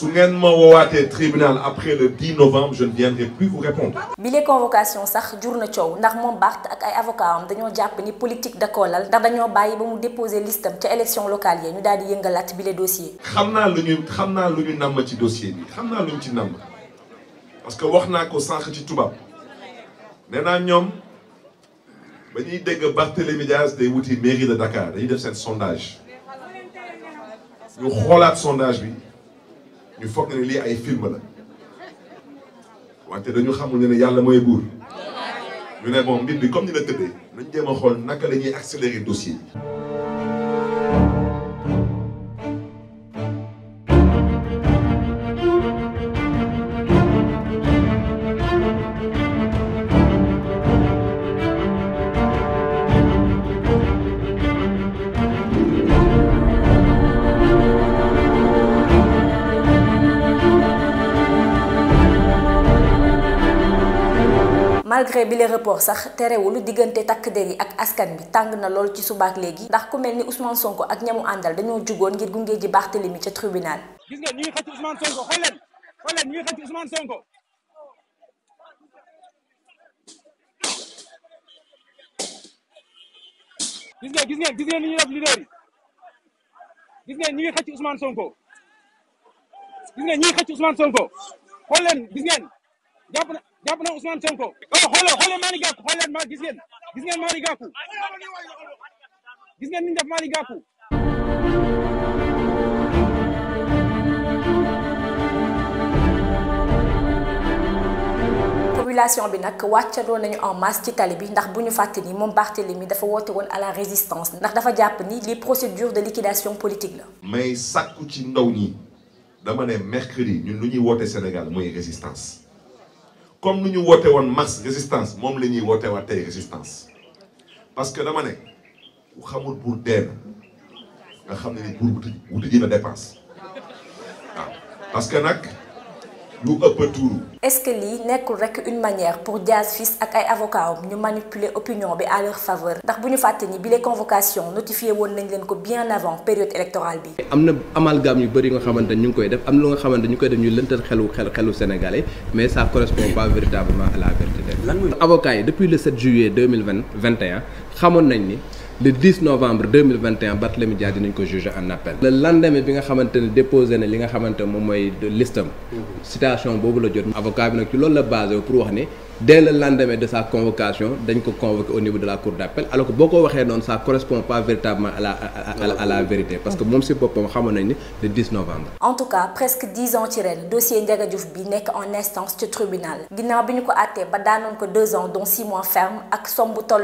su au ma tribunal après le 10 novembre je ne viendrai plus vous répondre. bi convocation sax jur ciow ndax mom bart ak ay avocats am japp ni politique da koo lal ndax dañoo bàyyi ba mu déposé listam élection locale yi ñu daldi di yëngalaat bi les dossiers. xamna luñu lu ci dossier bi xamna luñu ci nam parce que waxna ko sànq ci tubaab nee ñom bañuy dégg Barthélémy Dias day wuti mairie de Dakar dañuy def seen sondage ñu xolaat sondage bi. ñu foog ne lii ay film la wante dañu xamul ne ne yàlla mooy buur ñu ne moom mbir bi comme ni la tëddee nañ jéem a xool naka la ñuy accélérer dossier yi malgré bi les sax sax terewul diggante takk der yi ak askan bi tàng na lool ci subaak léegi ndax ku mel ni Ousmane Sonko ak ñamu àndal dañoo jugoon ngir gunge ji Barthélemy ca tribunal. gis ngeen ni ñuy def leader yi gis ngeen ñi ngi xëcc Ousmane Sonko gis ngeen ñi ngi xëcc Ousmane Sonko xool leen gis ngeen jàpp na jàpp na Ousmane Sonko xoolal xoolal Malick Gakou xool leen ma gis ngeen gis ngeen Malick Gakou gis ngeen ni def Malick Gakou population bi nag wàccandoo nañu en masse ci tali bi ndax bu ñu fàtte ni moom Barthélemy dafa woote woon à la résistance ndax dafa jàpp ni li procédure de liquidation politique la. mais sakku ci ndaw ñi dama ne mercredi ñun lu ñuy woote Sénégal mooy résistance comme nous ñu woote woon masse résistance nous la ñuy woote waat résistance parce que dama ne ku xamul buur dee na nga xam ne ni buur dina dépense parce que avons est-ce que n'y n'est rek une manière pour Diaz fils et les avocats de manipuler l'opinion à leur faveur. si on ñu fàtte ni les convocation notifié bien avant la période électorale bi. avons un amalgame yu bëri nga xamante ñu nous koy def am sénégalais mais ça ne correspond pas véritablement à la vérité. Avocat, avocats depuis le 7 juillet 2021, nous savons nañ le 10 novembre 2021 Barthélémy Dias dinañ ko jugé en appel. le lendemain bi nga déposé na li nga mom moy de listam mm-hmm. citation bobu la jot. avocat bi nak ci la basé pour wax dès le lendemain de sa convocation dañ ko convoqué au niveau de la cour d'appel alors que beaucoup de waxee ne ça correspond pas véritablement à la à, la vérité parce que même si boppam xamoon ni le 10 novembre en tout cas presque 10 ans le dossier Ndiaga Diouf bi en instance du tribunal ginnaaw a été ko pour deux ans dont six mois ferme ak son bouton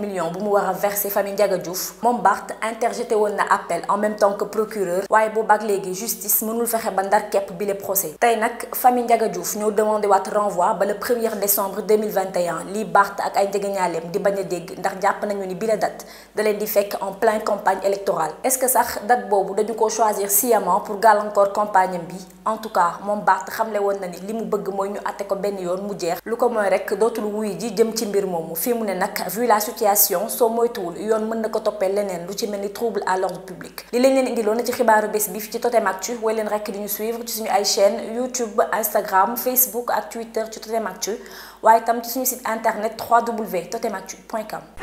millions pour mu verser famille Ndiaga Diouf Mombart interjeté appel en même temps que procureur waye boobu justice mënul faire bandar képp le procès Tainak famille Ndiaga Diouf ñoo demandé de renvoi ba le premier décembre décembre 2021 Li Bart ak ay jegeñaaleem di bañ a dégg ndax jàpp nañu ni bi la date da leen di fekk en pleine campagne électorale est-ce que sax date bobu dañu ko choisir sciemment pour encore campagne bi en tout cas mon Bart, xamle won na ni limu bëgg moy ñu atté ko ben yoon mu jeex lu ko mooy rek dotul wuy ji jëm ci mbir moomu Fi mu ne vu la situation soo moytuwul yoon mën na ko topé lenen lu ci melni trouble à l'ordre public li leen leen indiloon ci xibaaru bés bi fi ci Totem Actu way leen rek di ñu suivre ci suñu ay chaîne YouTube Instagram Facebook ak Twitter ci Totem Actu ou tam ci site internet www.totematu.com